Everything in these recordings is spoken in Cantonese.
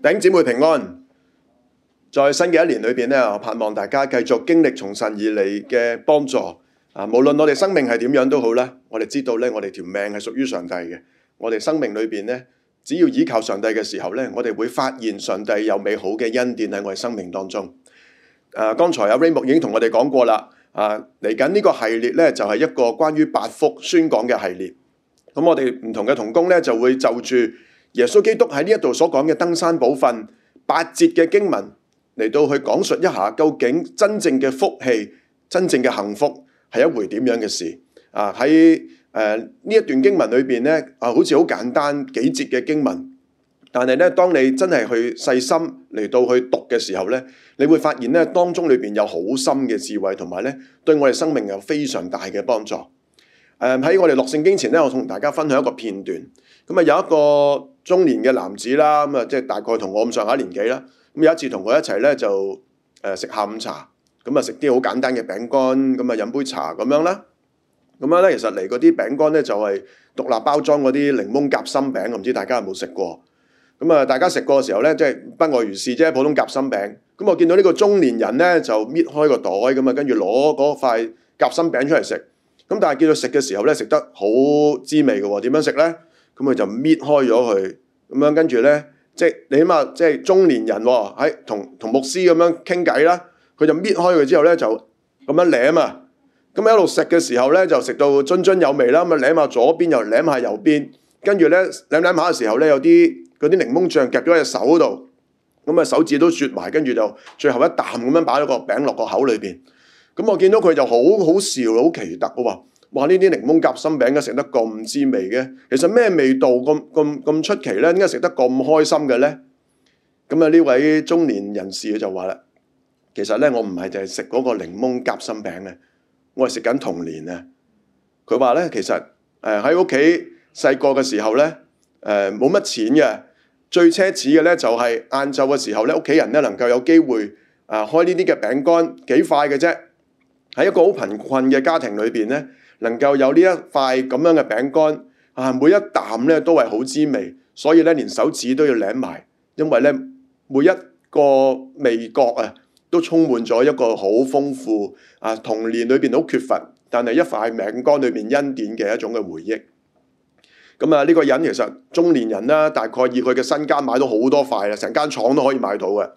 頂姊妹平安，在新嘅一年裏邊，我盼望大家繼續經歷從神而嚟嘅幫助。啊，無論我哋生命係點樣都好啦，我哋知道咧，我哋條命係屬於上帝嘅。我哋生命裏邊咧，只要依靠上帝嘅時候呢，我哋會發現上帝有美好嘅恩典喺我哋生命當中。啊，剛才阿 Raymond 已經同我哋講過啦。啊，嚟緊呢個系列呢，就係一個關於八福宣講嘅系列。咁我哋唔同嘅同工呢，就會就住。耶穌基督喺呢一度所講嘅登山寶訓八節嘅經文嚟到去講述一下究竟真正嘅福氣、真正嘅幸福係一回點樣嘅事啊！喺誒呢一段經文裏邊咧啊，好似好簡單幾節嘅經文，但係咧，當你真係去細心嚟到去讀嘅時候咧，你會發現咧，當中裏邊有好深嘅智慧，同埋咧對我哋生命有非常大嘅幫助。誒、呃、喺我哋落聖經前咧，我同大家分享一個片段。咁啊，有一個中年嘅男子啦，咁啊，即係大概同我咁上下年紀啦。咁有一次同佢一齊咧，就誒食、呃、下午茶，咁啊食啲好簡單嘅餅乾，咁啊飲杯茶咁樣啦。咁樣咧，其實嚟嗰啲餅乾咧就係、是、獨立包裝嗰啲檸檬夾心餅，我唔知大家有冇食過？咁啊，大家食過嘅時候咧，即、就、係、是、不外如是即啫，普通夾心餅。咁我見到呢個中年人咧，就搣開個袋咁啊，跟住攞嗰塊夾心餅出嚟食。咁但係叫佢食嘅時候咧，食得好滋味嘅喎，點樣食咧？咁佢、嗯、就搣開咗佢，咁樣跟住咧，即係你起碼即係中年人喺、哦哎、同同牧師咁樣傾偈啦，佢就搣開佢之後咧就咁樣舐啊，咁、嗯、一路食嘅時候咧就食到津津有味啦，咁、嗯、舐下左邊又舐下右邊，跟住咧舐舐下嘅時候咧有啲嗰啲檸檬醬夾咗喺隻手度，咁、嗯、啊手指都雪埋，跟住就最後一啖咁樣擺咗個餅落個口裏邊，咁、嗯、我見到佢就好好笑，好奇特嘅喎、哦。哇！呢啲檸檬夾心餅咧，食得咁滋味嘅，其實咩味道咁咁咁出奇咧？點解食得咁開心嘅咧？咁啊，呢位中年人士佢就話啦，其實咧我唔係淨係食嗰個檸檬夾心餅啊，我係食緊童年啊！佢話咧其實誒喺屋企細個嘅時候咧誒冇乜錢嘅，最奢侈嘅咧就係晏晝嘅時候咧，屋企人咧能夠有機會啊開呢啲嘅餅乾幾塊嘅啫，喺一個好貧困嘅家庭裏邊咧。能夠有呢一塊咁樣嘅餅乾，啊每一啖咧都係好滋味，所以咧連手指都要舐埋，因為咧每一個味覺啊都充滿咗一個好豐富啊童年裏邊好缺乏，但係一塊餅乾裏邊恩典嘅一種嘅回憶。咁、嗯、啊呢、這個人其實中年人啦、啊，大概以佢嘅身家買到好多塊啦，成間廠都可以買到嘅。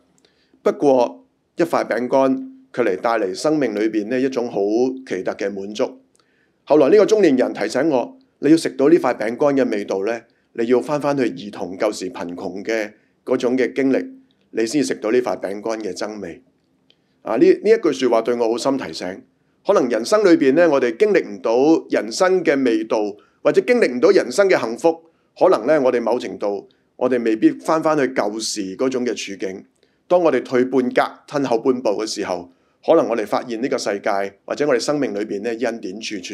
不過一塊餅乾，佢嚟帶嚟生命裏邊呢一種好奇特嘅滿足。後來呢個中年人提醒我，你要食到呢塊餅乾嘅味道呢，你要翻返去兒童舊時貧窮嘅嗰種嘅經歷，你先食到呢塊餅乾嘅真味。啊，呢呢一句說話對我好深提醒。可能人生裏邊呢，我哋經歷唔到人生嘅味道，或者經歷唔到人生嘅幸福，可能呢，我哋某程度，我哋未必翻返去舊時嗰種嘅處境。當我哋退半格，褪後半步嘅時候，可能我哋發現呢個世界，或者我哋生命裏邊呢，恩典處處。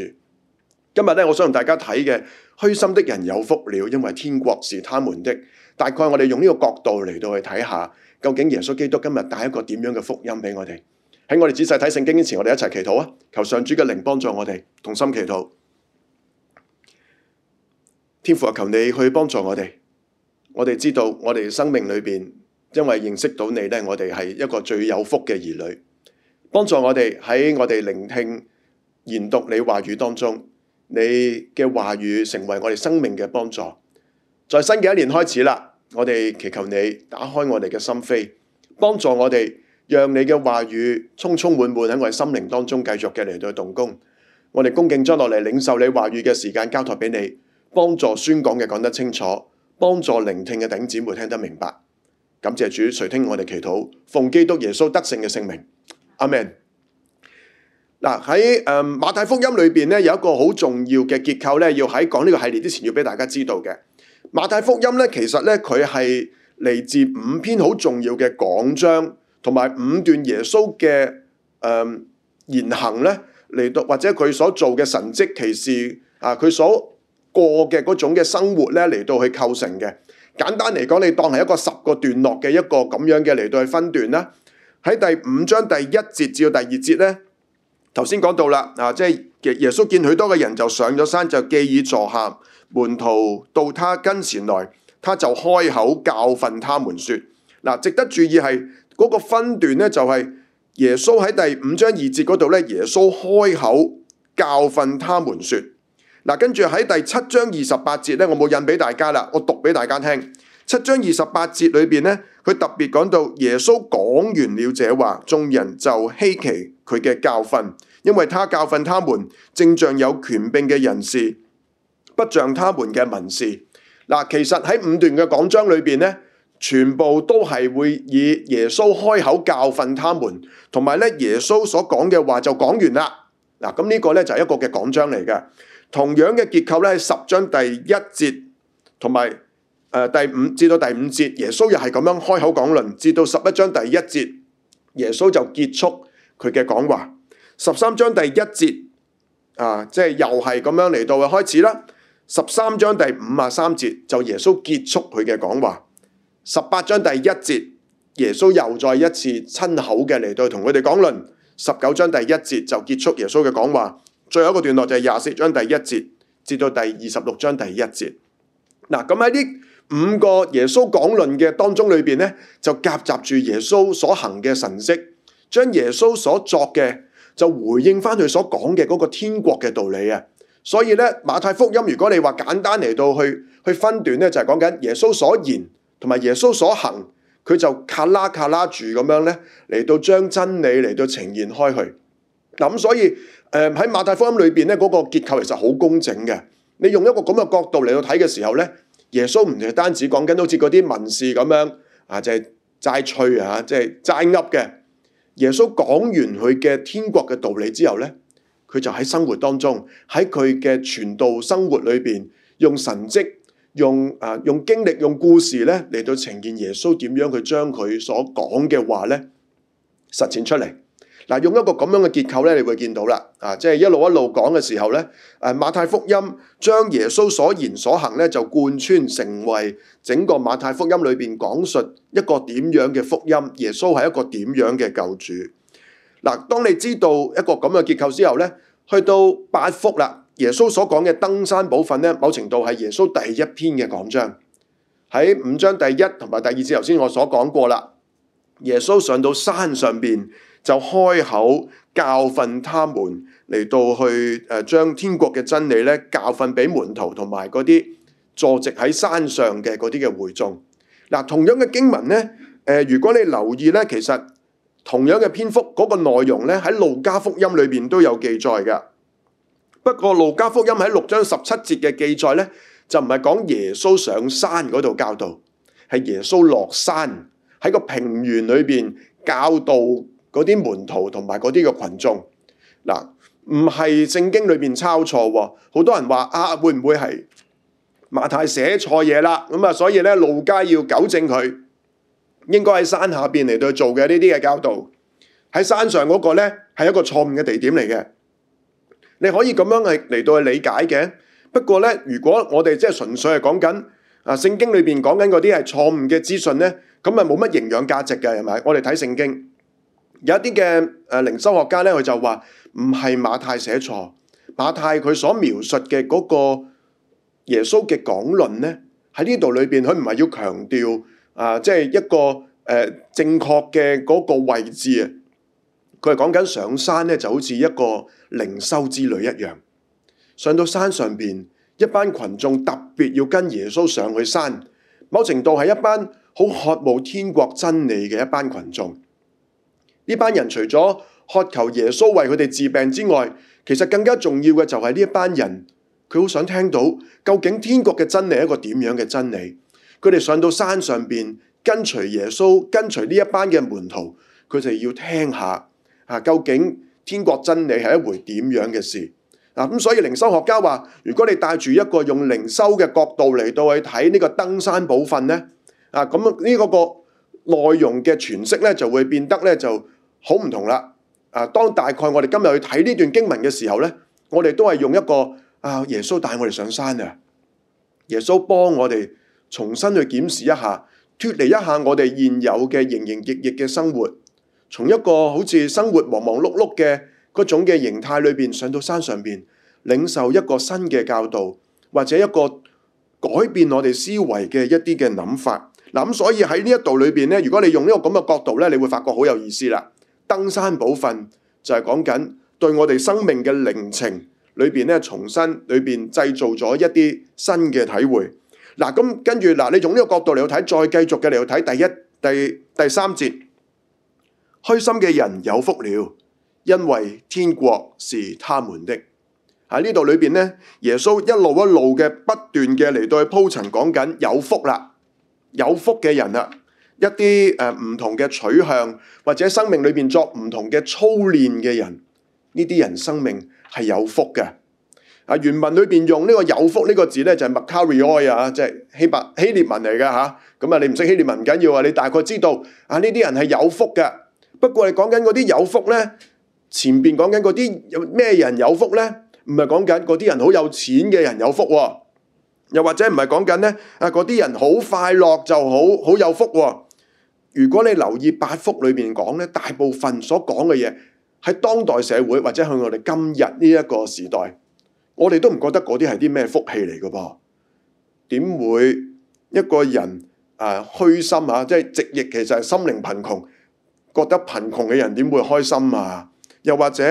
今日咧，我想同大家睇嘅，虛心的人有福了，因為天國是他們的。大概我哋用呢個角度嚟到去睇下，究竟耶穌基督今日帶一個點樣嘅福音俾我哋？喺我哋仔細睇聖經前，我哋一齊祈禱啊！求上主嘅靈幫助我哋，同心祈禱。天父啊，求你去幫助我哋。我哋知道我哋生命裏邊，因為認識到你咧，我哋係一個最有福嘅兒女。幫助我哋喺我哋聆聽、研讀你話語當中。你嘅話語成為我哋生命嘅幫助，在新嘅一年開始啦，我哋祈求你打開我哋嘅心扉，幫助我哋，讓你嘅話語充充滿滿喺我哋心靈當中繼續嘅嚟到動工。我哋恭敬將落嚟領受你話語嘅時間交託俾你，幫助宣講嘅講得清楚，幫助聆聽嘅弟兄姊妹聽得明白。感謝主，垂聽我哋祈禱，奉基督耶穌得勝嘅聖名，阿門。嗱，喺誒馬太福音裏邊咧，有一個好重要嘅結構咧，要喺講呢個系列之前要俾大家知道嘅。馬太福音咧，其實咧佢係嚟自五篇好重要嘅講章，同埋五段耶穌嘅誒言行咧嚟到，或者佢所做嘅神蹟奇事啊，佢所過嘅嗰種嘅生活咧嚟到去構成嘅。簡單嚟講，你當係一個十個段落嘅一個咁樣嘅嚟到去分段啦。喺第五章第一節至到第二節咧。頭先講到啦，啊，即係耶穌見許多嘅人，就上咗山，就既已坐下，門徒到他跟前來，他就開口教訓他們說：，嗱，值得注意係嗰個分段咧，就係耶穌喺第五章二節嗰度咧，耶穌開口教訓他們說：，嗱，跟住喺第七章二十八節咧，我冇印俾大家啦，我讀俾大家聽。七章二十八節裏邊咧，佢特別講到耶穌講完了這話，眾人就稀奇佢嘅教訓。因為他教訓他們，正像有權柄嘅人士，不像他們嘅文士嗱。其實喺五段嘅講章裏邊咧，全部都係會以耶穌開口教訓他們，同埋咧耶穌所講嘅話就講完啦嗱。咁呢個咧就係一個嘅講章嚟嘅，同樣嘅結構咧，十章第一節同埋誒第五至到第五節，耶穌又係咁樣開口講論，至到十一章第一節，耶穌就結束佢嘅講話。十三章第一節啊，即係又係咁樣嚟到嘅開始啦。十三章第五啊三節就耶穌結束佢嘅講話。十八章第一節耶穌又再一次親口嘅嚟到同佢哋講論。十九章第一節就結束耶穌嘅講話。最後一個段落就係廿四章第一節至到第二十六章第一節。嗱，咁喺呢五個耶穌講論嘅當中裏邊呢，就夾雜住耶穌所行嘅神蹟，將耶穌所作嘅就回應翻佢所講嘅嗰個天國嘅道理啊！所以咧馬太福音，如果你話簡單嚟到去去分段咧，就係、是、講緊耶穌所言同埋耶穌所行，佢就卡拉卡拉住咁樣咧嚟到將真理嚟到呈現開去。咁、嗯、所以誒喺、呃、馬太福音裏邊咧嗰個結構其實好工整嘅。你用一個咁嘅角度嚟到睇嘅時候咧，耶穌唔係單止講緊好似嗰啲文士咁樣啊，即係齋吹啊，即係齋噏嘅。耶穌講完佢嘅天國嘅道理之後呢，佢就喺生活當中，喺佢嘅傳道生活裏面，用神蹟、用啊、呃、用經歷、用故事咧嚟到呈現耶穌點樣去將佢所講嘅話呢實踐出嚟。用一個咁樣嘅結構咧，你會見到啦，啊，即係一路一路講嘅時候咧，誒、啊、馬太福音將耶穌所言所行咧，就貫穿成為整個馬太福音裏面講述一個點樣嘅福音，耶穌係一個點樣嘅救主。嗱、啊，當你知道一個咁嘅結構之後呢，去到八福啦，耶穌所講嘅登山部分咧，某程度係耶穌第一篇嘅講章喺五章第一同埋第二節，頭先我所講過啦。耶穌上到山上邊就開口教訓他們，嚟到去誒將天國嘅真理咧教訓俾門徒同埋嗰啲坐席喺山上嘅嗰啲嘅會眾。嗱，同樣嘅經文咧，誒如果你留意咧，其實同樣嘅篇幅嗰個內容咧喺路加福音裏邊都有記載噶。不過路加福音喺六章十七節嘅記載咧，就唔係講耶穌上山嗰度教導，係耶穌落山。喺個平原裏邊教導嗰啲門徒同埋嗰啲嘅群眾，嗱，唔係聖經裏邊抄錯，好多人話啊，會唔會係馬太寫錯嘢啦？咁啊，所以咧，路加要糾正佢，應該喺山下邊嚟到做嘅呢啲嘅教導，喺山上嗰個咧係一個錯誤嘅地點嚟嘅。你可以咁樣係嚟到去理解嘅，不過咧，如果我哋即係純粹係講緊。啊，聖經裏邊講緊嗰啲係錯誤嘅資訊咧，咁咪冇乜營養價值嘅，係咪？我哋睇聖經，有一啲嘅誒靈修學家咧，佢就話唔係馬太寫錯，馬太佢所描述嘅嗰個耶穌嘅講論咧，喺呢度裏邊佢唔係要強調啊，即係一個誒正確嘅嗰個位置啊。佢係講緊上山咧，就好似一個靈修之旅一樣，上到山上邊。一班群眾特別要跟耶穌上去山，某程度係一班好渴慕天國真理嘅一班群眾。呢班人除咗渴求耶穌為佢哋治病之外，其實更加重要嘅就係呢一班人，佢好想聽到究竟天國嘅真理係一個點樣嘅真理。佢哋上到山上邊跟隨耶穌，跟隨呢一班嘅門徒，佢哋要聽下吓究竟天國真理係一回點樣嘅事。嗱，咁、啊、所以靈修學家話：如果你帶住一個用靈修嘅角度嚟到去睇呢個登山部分，登山寶訓咧，啊，咁呢嗰個內容嘅詮釋咧就會變得咧就好唔同啦。啊，當大概我哋今日去睇呢段經文嘅時候咧，我哋都係用一個啊，耶穌帶我哋上山啊，耶穌幫我哋重新去檢視一下，脫離一下我哋現有嘅營營役役嘅生活，從一個好似生活忙忙碌碌嘅。嗰種嘅形態裏邊，上到山上邊，領受一個新嘅教導，或者一個改變我哋思維嘅一啲嘅諗法。嗱咁，所以喺呢一度裏邊咧，如果你用呢、這個咁嘅角度咧，你會發覺好有意思啦。登山寶訓就係講緊對我哋生命嘅靈情裏邊咧，重新裏邊製造咗一啲新嘅體會。嗱咁，跟住嗱，你用呢個角度嚟去睇，再繼續嘅嚟去睇第一、第第三節，虛心嘅人有福了。因為天國是他們的，喺呢度裏邊咧，耶穌一路一路嘅不斷嘅嚟，對佢鋪陳講緊有福啦，有福嘅人啊，一啲誒唔同嘅取向或者生命裏邊作唔同嘅操練嘅人，呢啲人生命係有福嘅。啊，原文裏邊用呢個有福呢個字咧就係 Macariou 啊，即係希伯希臘文嚟嘅吓。咁啊，你唔識希臘文唔緊要啊，你大概知道啊呢啲人係有福嘅。不過你講緊嗰啲有福咧。前邊講緊嗰啲咩人有福呢？唔係講緊嗰啲人好有錢嘅人有福，啊，又或者唔係講緊呢啊嗰啲人好快樂就好好有福，啊。如果你留意八福裏面講呢，大部分所講嘅嘢喺當代社會或者向我哋今日呢一個時代，我哋都唔覺得嗰啲係啲咩福氣嚟㗎噃。點會一個人啊虛心啊，即係直譯其實係心靈貧窮，覺得貧窮嘅人點會開心啊？又或者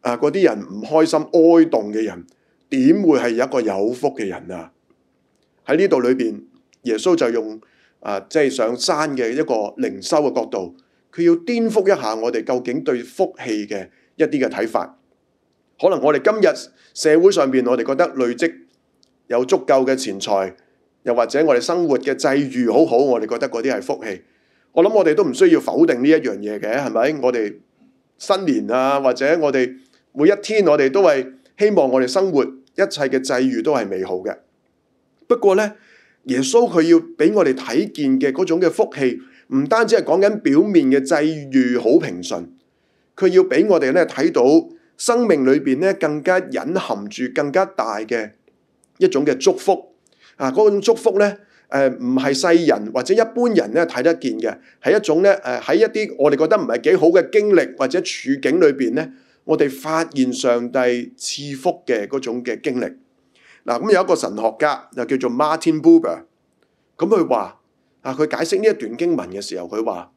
啊，嗰啲人唔開心、哀慟嘅人，點會係一個有福嘅人啊？喺呢度裏邊，耶穌就用啊，即係，呃，就是上山嘅一個靈修嘅角度，佢要顛覆一下我哋究竟對福氣嘅一啲嘅睇法。可能我哋今日社會上邊，我哋覺得累積有足夠嘅錢財，又或者我哋生活嘅際遇好好，我哋覺得嗰啲係福氣。我諗我哋都唔需要否定呢一樣嘢嘅，係咪？我哋。新年啊，或者我哋每一天，我哋都係希望我哋生活一切嘅際遇都係美好嘅。不過呢，耶穌佢要俾我哋睇見嘅嗰種嘅福氣，唔單止係講緊表面嘅際遇好平順，佢要俾我哋咧睇到生命裏邊咧更加隱含住更加大嘅一種嘅祝福啊！嗰種祝福呢。誒唔係世人或者一般人咧睇得見嘅，係一種咧誒喺一啲我哋覺得唔係幾好嘅經歷或者處境裏邊咧，我哋發現上帝賜福嘅嗰種嘅經歷。嗱、呃、咁、嗯、有一個神學家就叫做 Martin Buber，咁、嗯、佢話啊，佢解釋呢一段經文嘅時候，佢話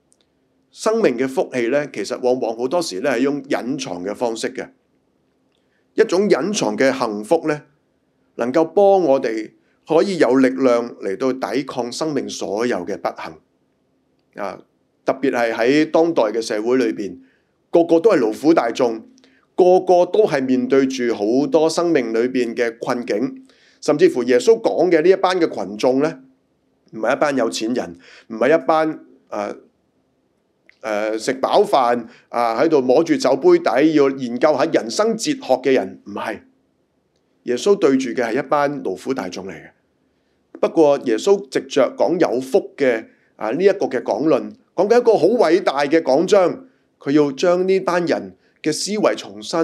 生命嘅福氣咧，其實往往好多時咧係用隱藏嘅方式嘅，一種隱藏嘅幸福咧，能夠幫我哋。可以有力量嚟到抵抗生命所有嘅不幸啊！特別係喺當代嘅社會裏邊，個個都係勞苦大眾，個個都係面對住好多生命裏邊嘅困境，甚至乎耶穌講嘅呢一班嘅群眾咧，唔係一班有錢人，唔係一班誒誒食飽飯啊喺度摸住酒杯底要研究下人生哲學嘅人，唔係。耶穌對住嘅係一班勞苦大眾嚟嘅，不過耶穌藉著講有福嘅啊呢一個嘅講論，講緊一個好偉大嘅講章，佢要將呢班人嘅思維重新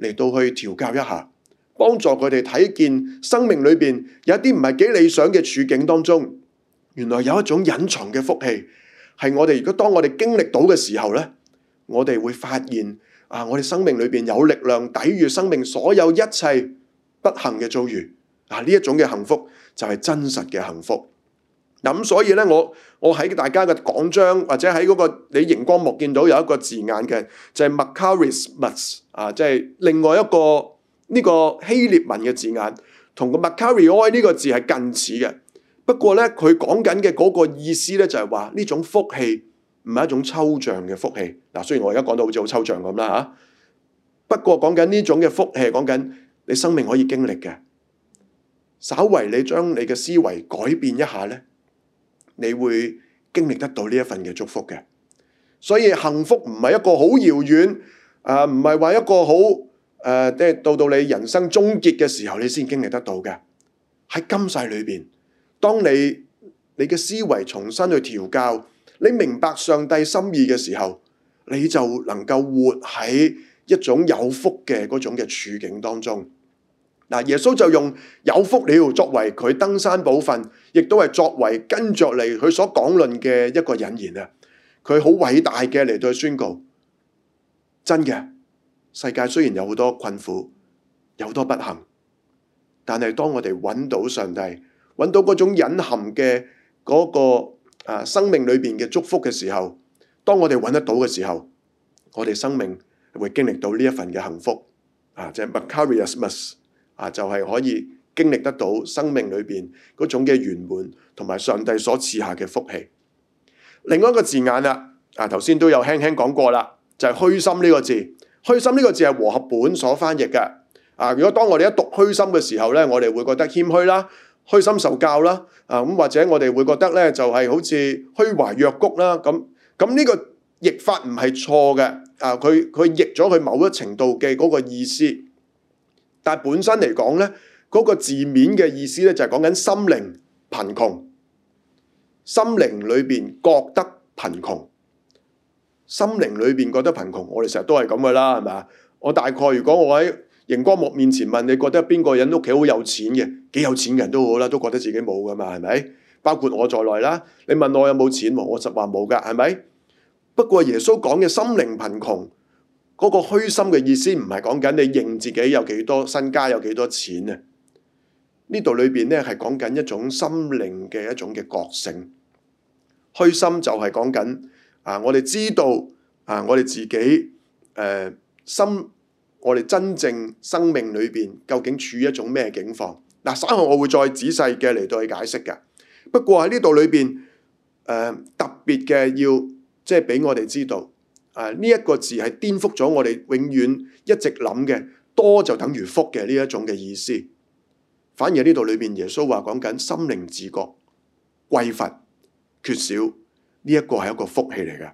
嚟到去調教一下，幫助佢哋睇見生命裏邊有一啲唔係幾理想嘅處境當中，原來有一種隱藏嘅福氣係我哋如果當我哋經歷到嘅時候咧，我哋會發現啊，我哋生命裏邊有力量抵禦生命所有一切。不幸嘅遭遇，嗱呢一種嘅幸福就係真實嘅幸福。咁、啊、所以咧，我我喺大家嘅講章或者喺嗰、那個你熒光幕見到有一個字眼嘅，就係、是、macarismus 啊，即係另外一個呢、這個希臘文嘅字眼，同個 macarioi 呢個字係近似嘅。不過咧，佢講緊嘅嗰個意思咧，就係話呢種福氣唔係一種抽象嘅福氣。嗱、啊，雖然我而家講到好似好抽象咁啦吓，不過講緊呢種嘅福氣，講緊。你生命可以經歷嘅，稍為你將你嘅思維改變一下呢，你會經歷得到呢一份嘅祝福嘅。所以幸福唔係一個好遙遠，唔係話一個好、呃、到到你人生終結嘅時候，你先經歷得到嘅。喺今世裏邊，當你你嘅思維重新去調教，你明白上帝心意嘅時候，你就能夠活喺一種有福嘅嗰種嘅處境當中。嗱，耶穌就用有福了作為，佢登山寶訓，亦都係作為，跟住嚟，佢所講論嘅一個引言啊，佢好偉大嘅嚟到宣告。真嘅，世界雖然有好多困苦，有好多不幸，但係當我哋揾到上帝，揾到嗰種隱含嘅嗰個生命裏面嘅祝福嘅時候，當我哋揾得到嘅時候，我哋生命會經歷到呢一份嘅幸福，即係 Macarismos，啊，就係可以經歷得到生命裏邊嗰種嘅圓滿，同埋上帝所賜下嘅福氣。另外一個字眼啦，啊，頭先都有輕輕講過啦，就係虛心呢個字。虛心呢個字係和合本所翻譯嘅。啊，如果當我哋一讀虛心嘅時候咧，我哋會覺得謙虛啦，虛心受教啦。啊咁，或者我哋會覺得咧，就係好似虛懷若谷啦。咁，咁呢個譯法唔係錯嘅。啊，佢佢譯咗佢某一程度嘅嗰個意思。但係本身嚟講咧，嗰個字面嘅意思咧，就係講緊心靈貧窮，心靈裏邊覺得貧窮，心靈裏邊覺得貧窮。我哋成日都係咁噶啦，係咪？我大概如果我喺熒光幕面前問你覺得邊個人屋企好有錢嘅，幾有錢人都好啦，都覺得自己冇噶嘛，係咪？包括我在內啦。你問我有冇錢，我實話冇噶，係咪？不過耶穌講嘅心靈貧窮。嗰個虛心嘅意思唔係講緊你認自己有幾多身家，有幾多錢啊。呢度裏邊咧係講緊一種心靈嘅一種嘅覺醒，虛心就係講緊啊，我哋知道啊，我哋自己誒、呃、心，我哋真正生命裏邊究竟處於一種咩境況？嗱，稍後我會再仔細嘅嚟到去解釋㗎。不過喺呢度裏邊誒、呃、特別嘅要即係俾我哋知道。誒，呢一，啊，這個字係顛覆咗我哋永遠一直諗嘅多就等於福嘅呢一種嘅意思，反而呢度裏邊耶穌話講緊心靈自覺、匱乏、缺少呢一、這個係一個福氣嚟嘅。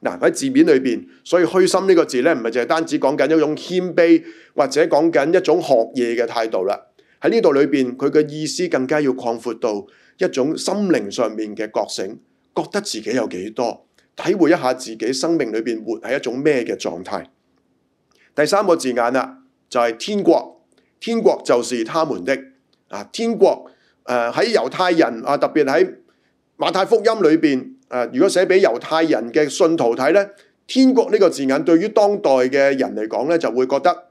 嗱，啊，喺字面裏邊，所以虛心呢個字呢，唔係淨係單止講緊一種謙卑，或者講緊一種學嘢嘅態度啦。喺呢度裏邊，佢嘅意思更加要擴闊到一種心靈上面嘅覺醒，覺得自己有幾多。體會一下自己生命裏邊活喺一種咩嘅狀態。第三個字眼啦，就係天國。天國就是他們的啊。天國誒喺猶太人啊，特別喺馬太福音裏邊誒，如果寫俾猶太人嘅信徒睇咧，天國呢個字眼對於當代嘅人嚟講咧，就會覺得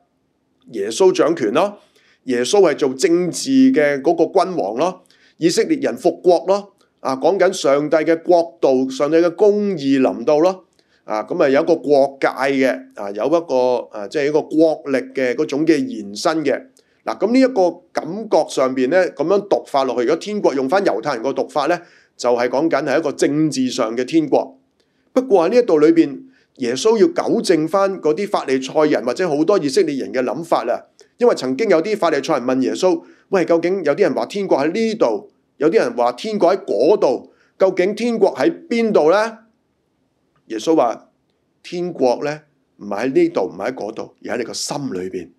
耶穌掌權咯，耶穌係做政治嘅嗰個君王咯，以色列人復國咯。啊，講緊上帝嘅國度，上帝嘅公義臨到咯。啊，咁啊有一個國界嘅，啊有一個啊，即係一個國力嘅嗰種嘅延伸嘅。嗱、啊，咁呢一個感覺上邊咧，咁樣讀法落去。如果天國用翻猶太人個讀法咧、啊，就係講緊係一個政治上嘅天國。不過喺呢一度裏邊，耶穌要糾正翻嗰啲法利賽人或者好多以色列人嘅諗法啦。因為曾經有啲法利賽人問耶穌：喂，究竟有啲人話天國喺呢度？有啲人話天國喺嗰度，究竟天國喺邊度咧？耶穌話天國咧唔係喺呢度，唔係喺嗰度，而喺你個心裏邊。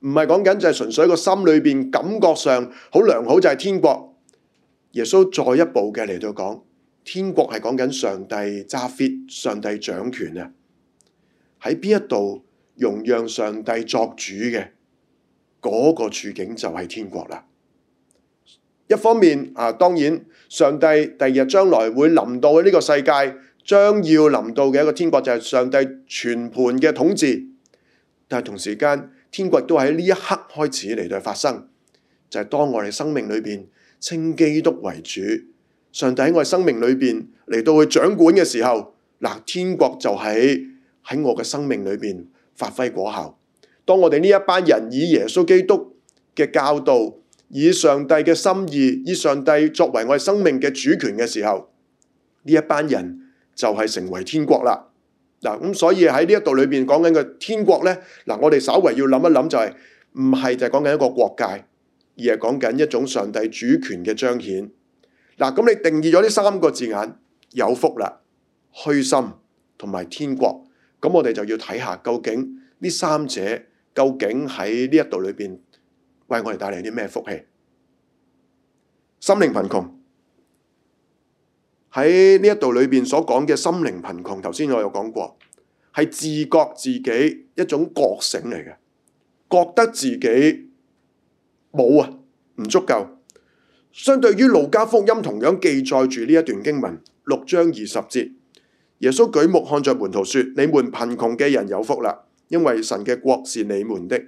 唔係講緊就係純粹一個心裏邊感覺上好良好就係天國。耶穌再一步嘅嚟到講，天國係講緊上帝揸 fit，上帝掌權啊！喺邊一度容讓上帝作主嘅嗰個處境就係天國啦。一方面啊，當然上帝第二日將來會臨到呢個世界，將要臨到嘅一個天國就係上帝全盤嘅統治。但係同時間，天國都喺呢一刻開始嚟到發生，就係、是、當我哋生命裏邊稱基督為主，上帝喺我哋生命裏邊嚟到去掌管嘅時候，嗱，天國就喺喺我嘅生命裏邊發揮果效。當我哋呢一班人以耶穌基督嘅教導，以上帝嘅心意，以上帝作為我哋生命嘅主權嘅時候，呢一班人就係成為天國啦。嗱，咁所以喺呢一度裏邊講緊嘅天國呢，嗱，我哋稍微要諗一諗就係，唔係就係講緊一個國界，而係講緊一種上帝主權嘅彰顯。嗱，咁你定義咗呢三個字眼，有福啦、虛心同埋天國，咁我哋就要睇下究竟呢三者究竟喺呢一度裏邊。為我哋帶嚟啲咩福氣？心靈貧窮喺呢一度裏邊所講嘅心靈貧窮，頭先我有講過，係自覺自己一種覺醒嚟嘅，覺得自己冇啊，唔足夠。相對於路加福音同樣記載住呢一段經文六章二十節，耶穌舉目看着門徒說：你們貧窮嘅人有福啦，因為神嘅國是你們的。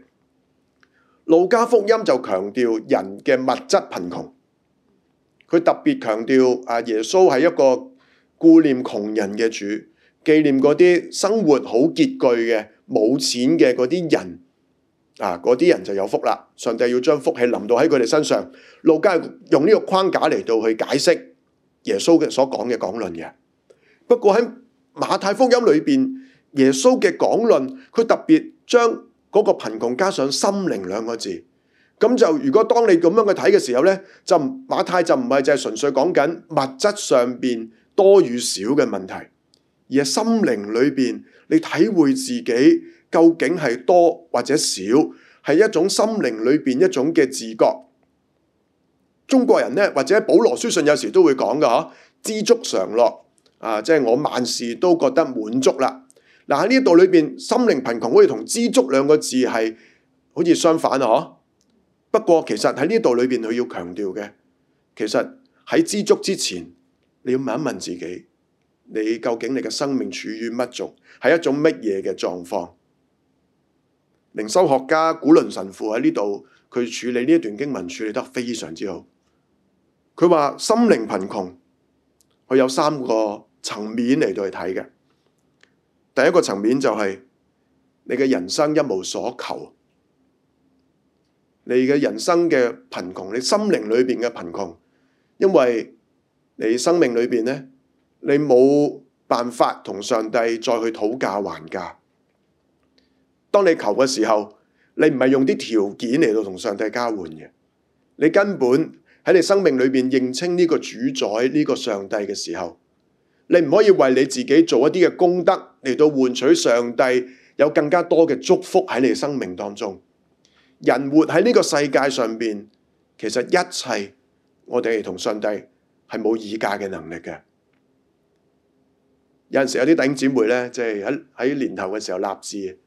路加福音就強調人嘅物質貧窮，佢特別強調啊，耶穌係一個顧念窮人嘅主，紀念嗰啲生活好拮據嘅、冇錢嘅嗰啲人啊，嗰啲人就有福啦！上帝要將福氣臨到喺佢哋身上。路加用呢個框架嚟，到去解釋耶穌嘅所講嘅講論嘅。不過喺馬太福音裏邊，耶穌嘅講論，佢特別將。嗰個貧窮加上心靈兩個字，咁就如果當你咁樣去睇嘅時候咧，就馬太就唔係淨係純粹講緊物質上邊多與少嘅問題，而係心靈裏邊你體會自己究竟係多或者少，係一種心靈裏邊一種嘅自覺。中國人咧或者保羅書信有時都會講噶嗬，知足常樂啊，即係我萬事都覺得滿足啦。嗱，喺呢度裏邊，心靈貧窮可以同知足兩個字係好似相反啊！不過其實喺呢度裏邊，佢要強調嘅，其實喺知足之前，你要問一問自己，你究竟你嘅生命處於乜狀，係一種乜嘢嘅狀況。靈修學家古倫神父喺呢度，佢處理呢一段經文處理得非常之好。佢話心靈貧窮，佢有三個層面嚟，到去睇嘅。第一個層面就係、是、你嘅人生一無所求，你嘅人生嘅貧窮，你心靈裏面嘅貧窮，因為你生命裏面呢，你冇辦法同上帝再去討價還價。當你求嘅時候，你唔係用啲條件嚟到同上帝交換嘅，你根本喺你生命裏面認清呢個主宰呢、呢個上帝嘅時候，你唔可以為你自己做一啲嘅功德。嚟到換取上帝有更加多嘅祝福喺你嘅生命當中。人活喺呢個世界上邊，其實一切我哋同上帝係冇議價嘅能力嘅。有陣時有啲弟兄姊妹咧，即係喺喺年頭嘅時候立志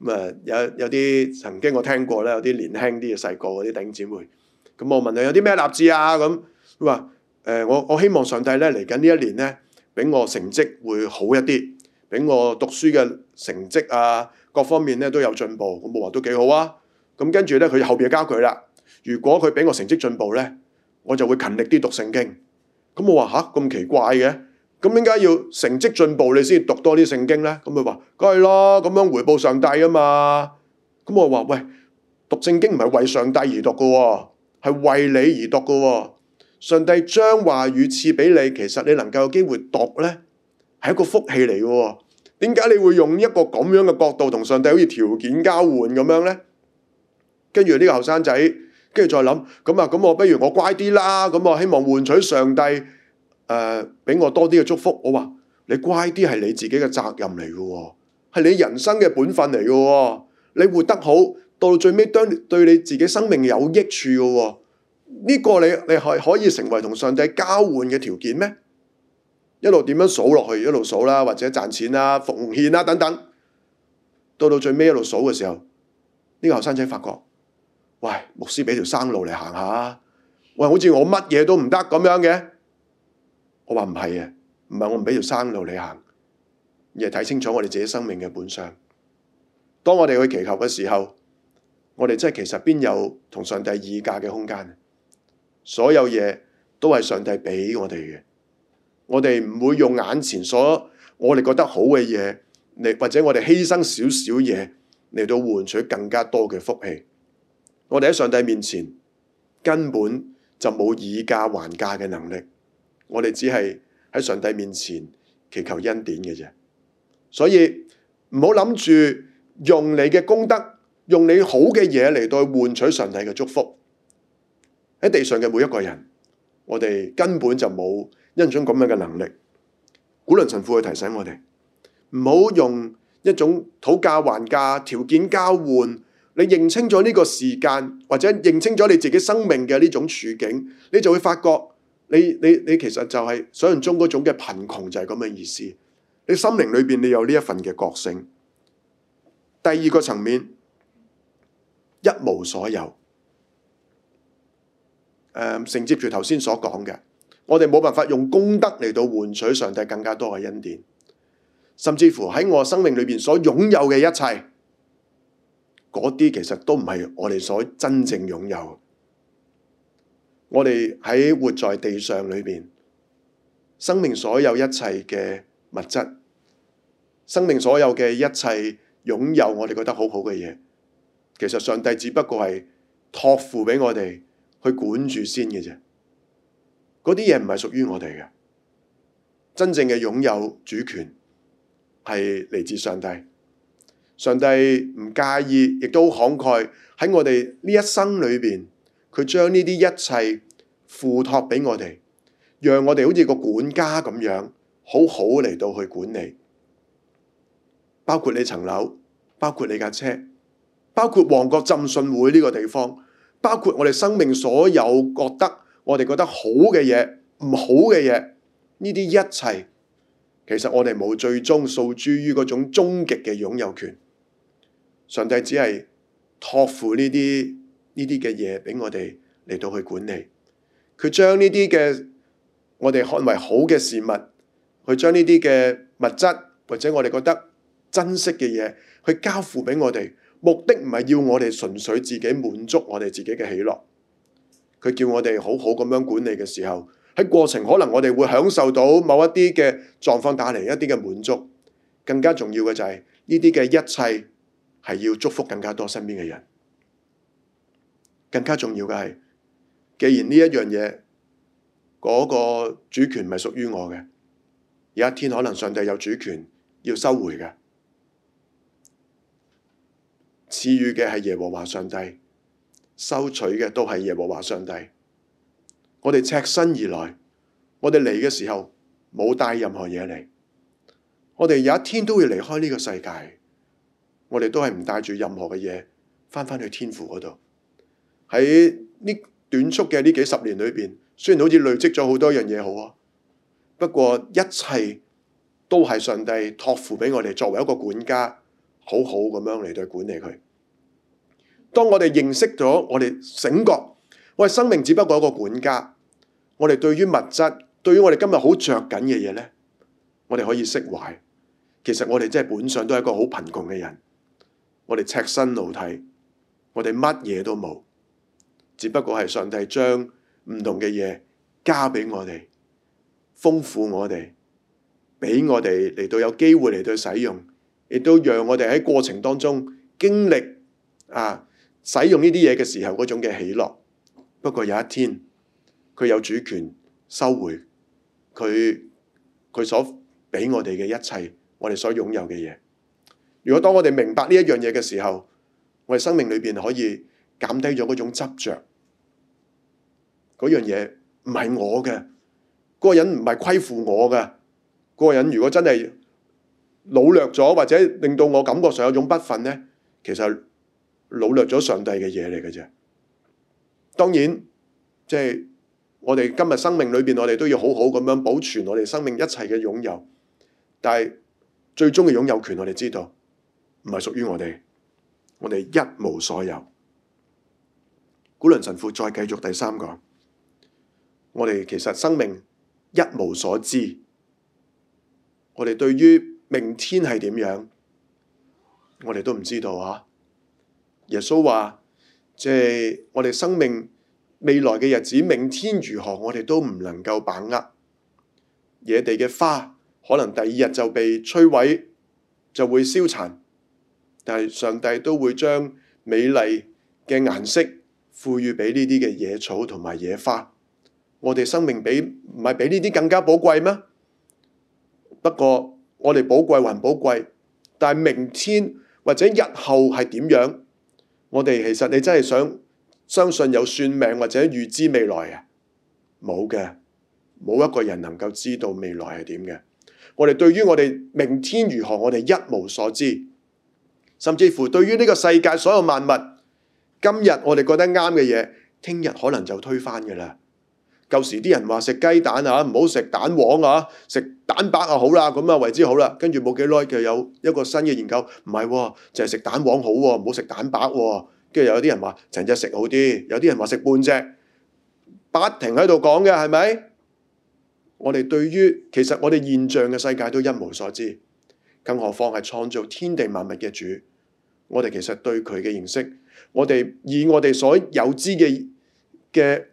咁啊，有有啲曾經我聽過啦，有啲年輕啲嘅細個嗰啲弟兄姊妹。咁我問你有啲咩立志啊？咁佢話誒，我我希望上帝咧嚟緊呢一年咧，俾我成績會好一啲。俾我讀書嘅成績啊，各方面咧都有進步，咁我話都幾好啊。咁跟住咧，佢後邊又加佢啦。如果佢俾我成績進步咧，我就會勤力啲讀聖經。咁我話吓，咁奇怪嘅，咁點解要成績進步你先讀多啲聖經咧？咁佢話梗係囉，咁樣回報上帝啊嘛。咁我話喂，讀聖經唔係為上帝而讀噶，係為你而讀噶。上帝將話語賜俾你，其實你能夠有機會讀咧，係一個福氣嚟噶。點解你會用一個咁樣嘅角度，同上帝好似條件交換咁樣呢？跟住呢個後生仔，跟住再諗，咁啊，咁我不如我乖啲啦，咁我希望換取上帝誒俾、呃、我多啲嘅祝福。我話你乖啲係你自己嘅責任嚟嘅，係你人生嘅本分嚟嘅，你活得好，到最尾對對你自己生命有益處嘅。呢個你你係可以成為同上帝交換嘅條件咩？一路點樣數落去，一路數啦，或者賺錢啦、奉獻啦、啊、等等，到到最尾一路數嘅時候，呢、這個後生仔發覺，喂，牧師俾條生路嚟行下喂，好似我乜嘢都唔得咁樣嘅。我話唔係嘅，唔係我唔俾條生路你行，而係睇清楚我哋自己生命嘅本相。當我哋去祈求嘅時候，我哋真係其實邊有同上帝議價嘅空間？所有嘢都係上帝俾我哋嘅。我哋唔會用眼前所我哋覺得好嘅嘢嚟，或者我哋犧牲少少嘢嚟到換取更加多嘅福氣。我哋喺上帝面前根本就冇以價還價嘅能力。我哋只係喺上帝面前祈求恩典嘅啫。所以唔好諗住用你嘅功德，用你好嘅嘢嚟到去換取上帝嘅祝福。喺地上嘅每一個人，我哋根本就冇。一種咁樣嘅能力，古倫神父會提醒我哋，唔好用一種討價還價、條件交換。你認清咗呢個時間，或者認清咗你自己生命嘅呢種處境，你就會發覺你，你你你其實就係想象中嗰種嘅貧窮，就係咁嘅意思。你心靈裏邊你有呢一份嘅覺醒。第二個層面，一無所有。誒、呃，承接住頭先所講嘅。我哋冇辦法用功德嚟到換取上帝更加多嘅恩典，甚至乎喺我生命裏邊所擁有嘅一切，嗰啲其實都唔係我哋所真正擁有。我哋喺活在地上裏邊，生命所有一切嘅物質，生命所有嘅一切擁有，我哋覺得好好嘅嘢，其實上帝只不過係託付俾我哋去管住先嘅啫。嗰啲嘢唔係屬於我哋嘅，真正嘅擁有主權係嚟自上帝。上帝唔介意，亦都慷慨喺我哋呢一生裏面。佢將呢啲一切付託俾我哋，讓我哋好似個管家咁樣，好好嚟到去管理。包括你層樓，包括你架車，包括旺角浸信會呢個地方，包括我哋生命所有覺得。我哋覺得好嘅嘢，唔好嘅嘢，呢啲一切，其實我哋冇最終訴諸於嗰種終極嘅擁有權。上帝只係託付呢啲呢啲嘅嘢俾我哋嚟到去管理。佢將呢啲嘅我哋看為好嘅事物，去將呢啲嘅物質或者我哋覺得珍惜嘅嘢，去交付俾我哋。目的唔係要我哋純粹自己滿足我哋自己嘅喜樂。佢叫我哋好好咁樣管理嘅時候，喺過程可能我哋會享受到某一啲嘅狀況帶嚟一啲嘅滿足。更加重要嘅就係呢啲嘅一切係要祝福更加多身邊嘅人。更加重要嘅係，既然呢一樣嘢嗰個主權唔係屬於我嘅，有一天可能上帝有主權要收回嘅，賜予嘅係耶和華上帝。收取嘅都係耶和華上帝。我哋赤身而來，我哋嚟嘅時候冇帶任何嘢嚟。我哋有一天都會離開呢個世界，我哋都係唔帶住任何嘅嘢翻返去天父嗰度。喺呢短促嘅呢幾十年裏邊，雖然好似累積咗好多樣嘢好啊，不過一切都係上帝託付俾我哋，作為一個管家，好好咁樣嚟到管理佢。當我哋認識咗，我哋醒覺，我哋生命只不過一個管家。我哋對於物質，對於我哋今日好着緊嘅嘢呢，我哋可以釋懷。其實我哋即係本上都係一個好貧窮嘅人。我哋赤身露體，我哋乜嘢都冇，只不過係上帝將唔同嘅嘢加俾我哋，豐富我哋，俾我哋嚟到有機會嚟到使用，亦都讓我哋喺過程當中經歷啊。使用呢啲嘢嘅時候，嗰種嘅喜樂，不過有一天佢有主權收回佢佢所俾我哋嘅一切，我哋所擁有嘅嘢。如果當我哋明白呢一樣嘢嘅時候，我哋生命裏面可以減低咗嗰種執着。嗰樣嘢唔係我嘅，嗰個人唔係虧負我嘅。嗰個人如果真係努力咗，或者令到我感覺上有種不忿呢，其實。忽略咗上帝嘅嘢嚟嘅啫。當然，即係我哋今日生命裏邊，我哋都要好好咁樣保存我哋生命一切嘅擁有。但係最終嘅擁有權，我哋知道唔係屬於我哋。我哋一無所有。古倫神父再繼續第三個。我哋其實生命一無所知。我哋對於明天係點樣，我哋都唔知道啊！耶穌話：即係我哋生命未來嘅日子，明天如何，我哋都唔能夠把握。野地嘅花可能第二日就被摧毀，就會消殘。但係上帝都會將美麗嘅顏色賦予俾呢啲嘅野草同埋野花。我哋生命比唔係比呢啲更加寶貴咩？不過我哋寶貴還寶貴，但係明天或者日後係點樣？我哋其實你真係想相信有算命或者預知未來呀，冇嘅，冇一個人能夠知道未來係點嘅。我哋對於我哋明天如何，我哋一無所知，甚至乎對於呢個世界所有萬物，今日我哋覺得啱嘅嘢，聽日可能就推翻嘅啦。舊時啲人話食雞蛋啊，唔好食蛋黃啊，食蛋白啊好啦，咁啊為之好啦。跟住冇幾耐，就有一個新嘅研究，唔係，淨係食蛋黃好啊，唔好食蛋白啊。跟住又有啲人話成隻食好啲，有啲人話食半隻。不停喺度講嘅係咪？我哋對於其實我哋現象嘅世界都一無所知，更何況係創造天地萬物嘅主，我哋其實對佢嘅認識，我哋以我哋所有知嘅嘅。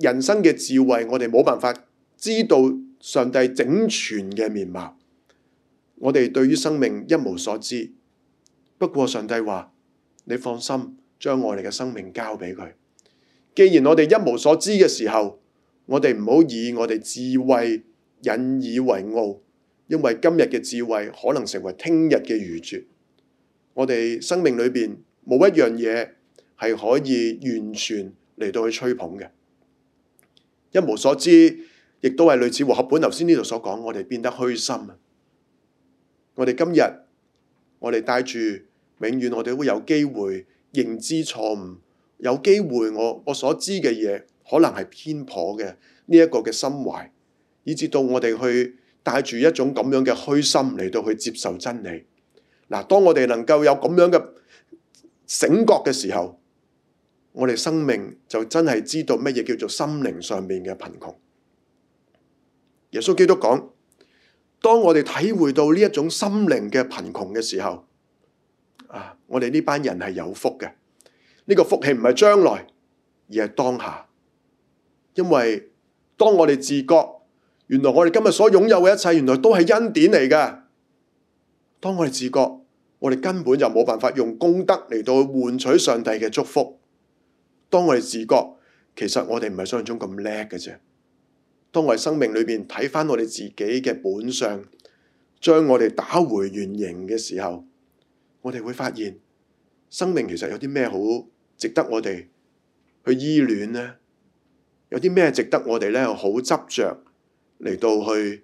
人生嘅智慧，我哋冇辦法知道上帝整全嘅面貌。我哋對於生命一無所知。不過上帝話：「你放心，將我哋嘅生命交俾佢。」既然我哋一無所知嘅時候，我哋唔好以我哋智慧引以為傲，因為今日嘅智慧可能成為聽日嘅愚絕。我哋生命裏邊冇一樣嘢係可以完全嚟到去吹捧嘅。一無所知，亦都係類似和合本頭先呢度所講，我哋變得虛心。我哋今日，我哋帶住，永遠我哋會有機會認知錯誤，有機會我我所知嘅嘢，可能係偏頗嘅呢一個嘅心懷，以至到我哋去帶住一種咁樣嘅虛心嚟到去接受真理。嗱，當我哋能夠有咁樣嘅醒覺嘅時候。我哋生命就真係知道乜嘢叫做心靈上面嘅貧窮。耶穌基督講：當我哋體會到呢一種心靈嘅貧窮嘅時候，啊，我哋呢班人係有福嘅。呢個福氣唔係將來，而係當下。因為當我哋自覺，原來我哋今日所擁有嘅一切，原來都係恩典嚟嘅。當我哋自覺，我哋根本就冇辦法用功德嚟到換取上帝嘅祝福。當我哋自覺，其實我哋唔係想象中咁叻嘅啫。當我哋生命裏邊睇翻我哋自己嘅本相，將我哋打回原形嘅時候，我哋會發現生命其實有啲咩好值得我哋去依戀呢？有啲咩值得我哋咧好執着嚟,到去，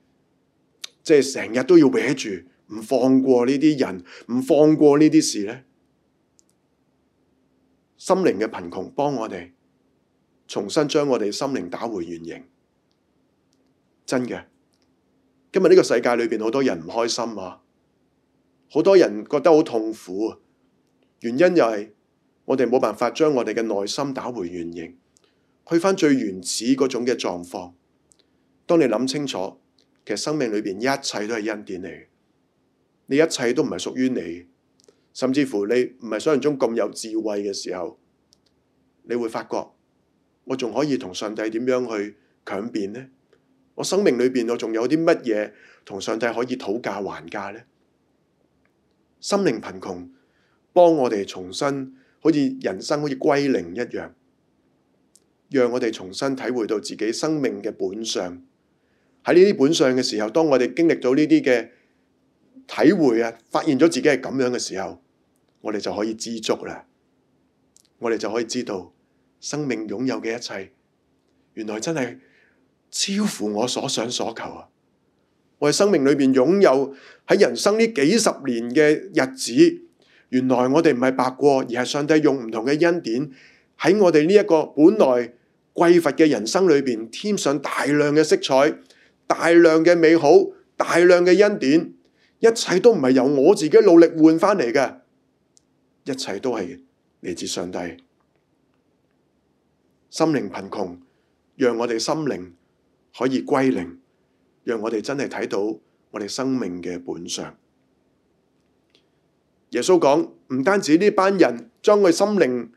即係成日都要搲住，唔放過呢啲人，唔放過呢啲事咧？心靈嘅貧窮，幫我哋重新將我哋心靈打回原形。真嘅，今日呢個世界裏邊好多人唔開心啊，好多人覺得好痛苦啊。原因又係我哋冇辦法將我哋嘅內心打回原形，去返最原始嗰種嘅狀況。當你諗清楚，其實生命裏邊一切都係恩典嚟嘅，你一切都唔係屬於你。甚至乎你唔係想象中咁有智慧嘅時候，你會發覺我仲可以同上帝點樣去強辯呢？我生命裏邊我仲有啲乜嘢同上帝可以討價還價呢？心靈貧窮，幫我哋重新好似人生好似歸零一樣，讓我哋重新體會到自己生命嘅本相。喺呢啲本相嘅時候，當我哋經歷到呢啲嘅體會啊，發現咗自己係咁樣嘅時候。我哋就可以知足啦。我哋就可以知道生命擁有嘅一切，原來真係超乎我所想所求啊！我哋生命裏邊擁有喺人生呢幾十年嘅日子，原來我哋唔係白過，而係上帝用唔同嘅恩典喺我哋呢一個本來匱乏嘅人生裏邊添上大量嘅色彩、大量嘅美好、大量嘅恩典。一切都唔係由我自己努力換翻嚟嘅。一切都係嚟自上帝，心靈貧窮，讓我哋心靈可以歸零，讓我哋真係睇到我哋生命嘅本相。耶穌講，唔單止呢班人將佢心靈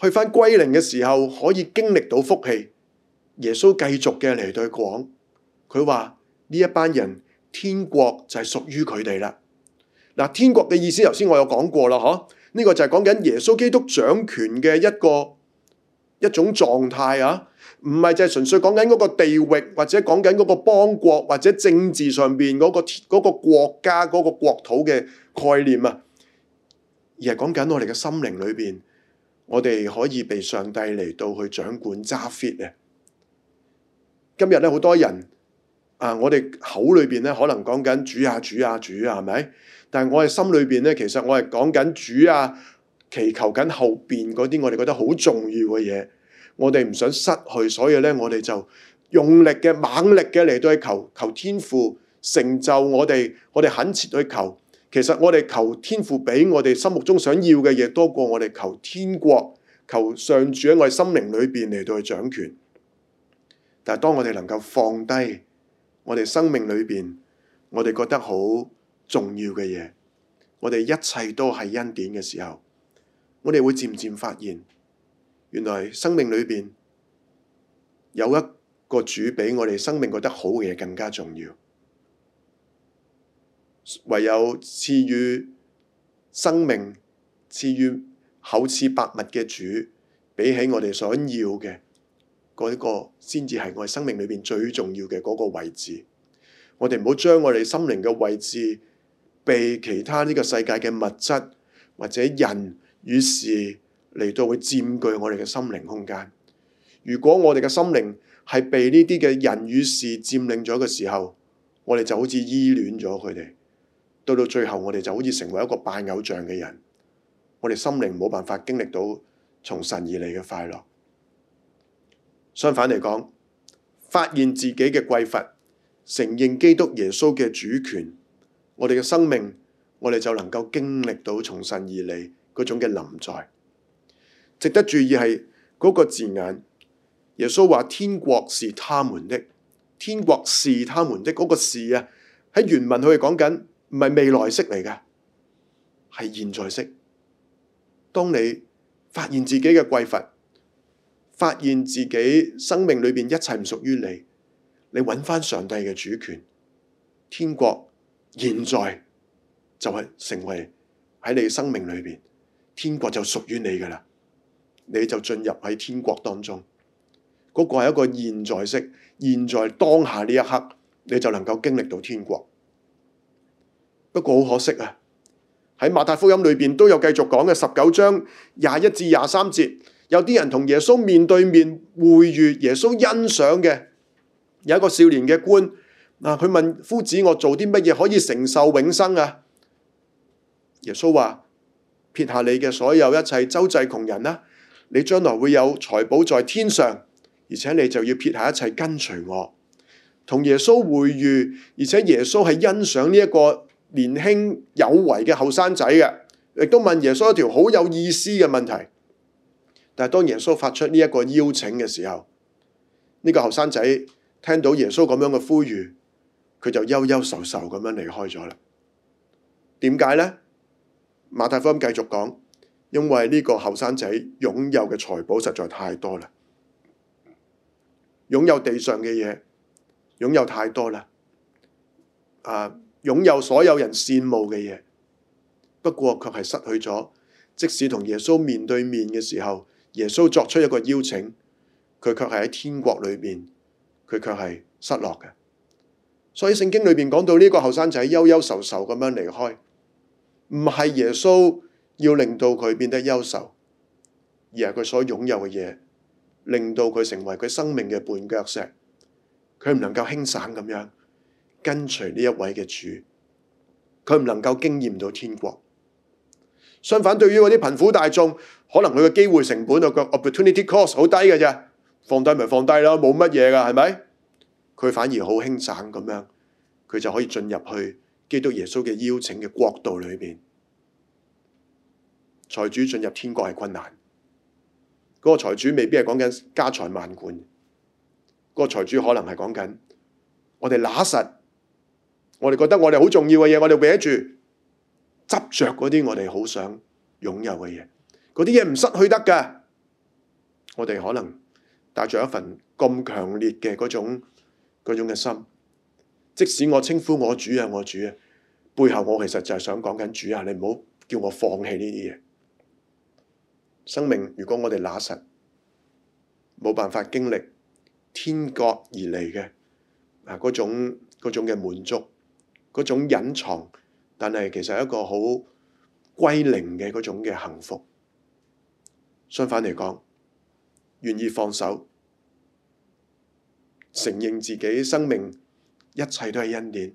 去返歸零嘅時候，可以經歷到福氣。耶穌繼續嘅嚟對講，佢話呢一班人，天國就係屬於佢哋啦。嗱，天國嘅意思，頭先我有講過啦，嗬。呢個就係講緊耶穌基督掌權嘅一個一種狀態啊，唔係就係純粹講緊嗰個地域或者講緊嗰個邦國或者政治上邊嗰個嗰個國家嗰個國土嘅概念啊，而係講緊我哋嘅心靈裏邊，我哋可以被上帝嚟到去掌管揸 fit 啊！今日咧好多人啊，我哋口裏邊咧可能講緊主啊主啊主啊，係咪、啊？但係我哋心裏邊咧，其實我係講緊主啊，祈求緊後邊嗰啲我哋覺得好重要嘅嘢，我哋唔想失去，所以咧我哋就用力嘅、猛力嘅嚟到去求求天父成就我哋，我哋懇切去求。其實我哋求天父俾我哋心目中想要嘅嘢多過我哋求天國、求上主喺我哋心靈裏邊嚟到去掌權。但係當我哋能夠放低我哋生命裏邊，我哋覺得好。重要嘅嘢，我哋一切都係恩典嘅時候，我哋會漸漸發現，原來生命裏邊有一個主比我哋生命覺得好嘅嘢更加重要，唯有賜予生命賜予厚賜百物嘅主，比起我哋想要嘅嗰個，先至係我哋生命裏邊最重要嘅嗰個位置。我哋唔好將我哋心靈嘅位置。被其他呢個世界嘅物質或者人與事嚟，到會佔據我哋嘅心靈空間。如果我哋嘅心靈係被呢啲嘅人與事佔領咗嘅時候，我哋就好似依戀咗佢哋。到到最後，我哋就好似成為一個拜偶像嘅人。我哋心靈冇辦法經歷到從神而嚟嘅快樂。相反嚟講，發現自己嘅匱乏，承認基督耶穌嘅主權，我哋嘅生命，我哋就能夠經歷到從神而嚟嗰種嘅臨在。值得注意係嗰、那個字眼，耶穌話天國是他們的，天國是他們的嗰、那個是啊。喺原文佢哋講緊唔係未來式嚟嘅，係現在式。當你發現自己嘅匱乏，發現自己生命裏邊一切唔屬於你，你搵返上帝嘅主權，天國。現在就係成為喺你生命裏邊，天國就屬於你㗎喇，你就進入喺天國當中。嗰個係一個現在式，現在當下呢一刻，你就能夠經歷到天國。不過好可惜啊，喺馬太福音裏邊都有繼續講嘅，十九章廿一至廿三節，有啲人同耶穌面對面會遇，耶穌欣賞嘅有一個少年嘅官。嗱，佢問夫子：我做啲乜嘢可以承受永生啊？耶穌話：撇下你嘅所有一切，周濟窮人啦。你將來會有財寶在天上，而且你就要撇下一切跟隨我，同耶穌會遇。而且耶穌係欣賞呢一個年輕有為嘅後生仔嘅，亦都問耶穌一條好有意思嘅問題。但係當耶穌發出呢一個邀請嘅時候，呢個後生仔聽到耶穌咁樣嘅呼籲。佢就憂憂愁愁咁樣離開咗啦。點解呢？馬太福音繼續講，因為呢個後生仔擁有嘅財寶實在太多啦，擁有地上嘅嘢，擁有太多啦，啊，擁有所有人羨慕嘅嘢。不過卻係失去咗。即使同耶穌面對面嘅時候，耶穌作出一個邀請，佢卻係喺天國裏面，佢卻係失落嘅。所以聖經裏邊講到呢個後生仔憂憂愁愁咁樣離開，唔係耶穌要令到佢變得憂愁，而係佢所擁有嘅嘢，令到佢成為佢生命嘅絆腳石，佢唔能夠輕省咁樣跟隨呢一位嘅主，佢唔能夠經驗到天國。相反，對於嗰啲貧苦大眾，可能佢嘅機會成本個 opportunity cost 好低嘅啫，放低咪放低咯，冇乜嘢噶，係咪？佢反而好輕省咁樣，佢就可以進入去基督耶穌嘅邀請嘅國度裏面。財主進入天國係困難，嗰個財主未必係講緊家財萬貫，嗰個財主可能係講緊我哋拿實，我哋覺得我哋好重要嘅嘢，我哋搲住執着嗰啲我哋好想擁有嘅嘢，嗰啲嘢唔失去得嘅。我哋可能帶住一份咁強烈嘅嗰種。嗰種嘅心，即使我稱呼我主啊，我主啊，背後我其實就係想講緊主啊，你唔好叫我放棄呢啲嘢。生命如果我哋拿實，冇辦法經歷天國而嚟嘅啊，嗰種嗰種嘅滿足，嗰種隱藏，但係其實係一個好歸零嘅嗰種嘅幸福。相反嚟講，願意放手。承認自己生命一切都係恩典，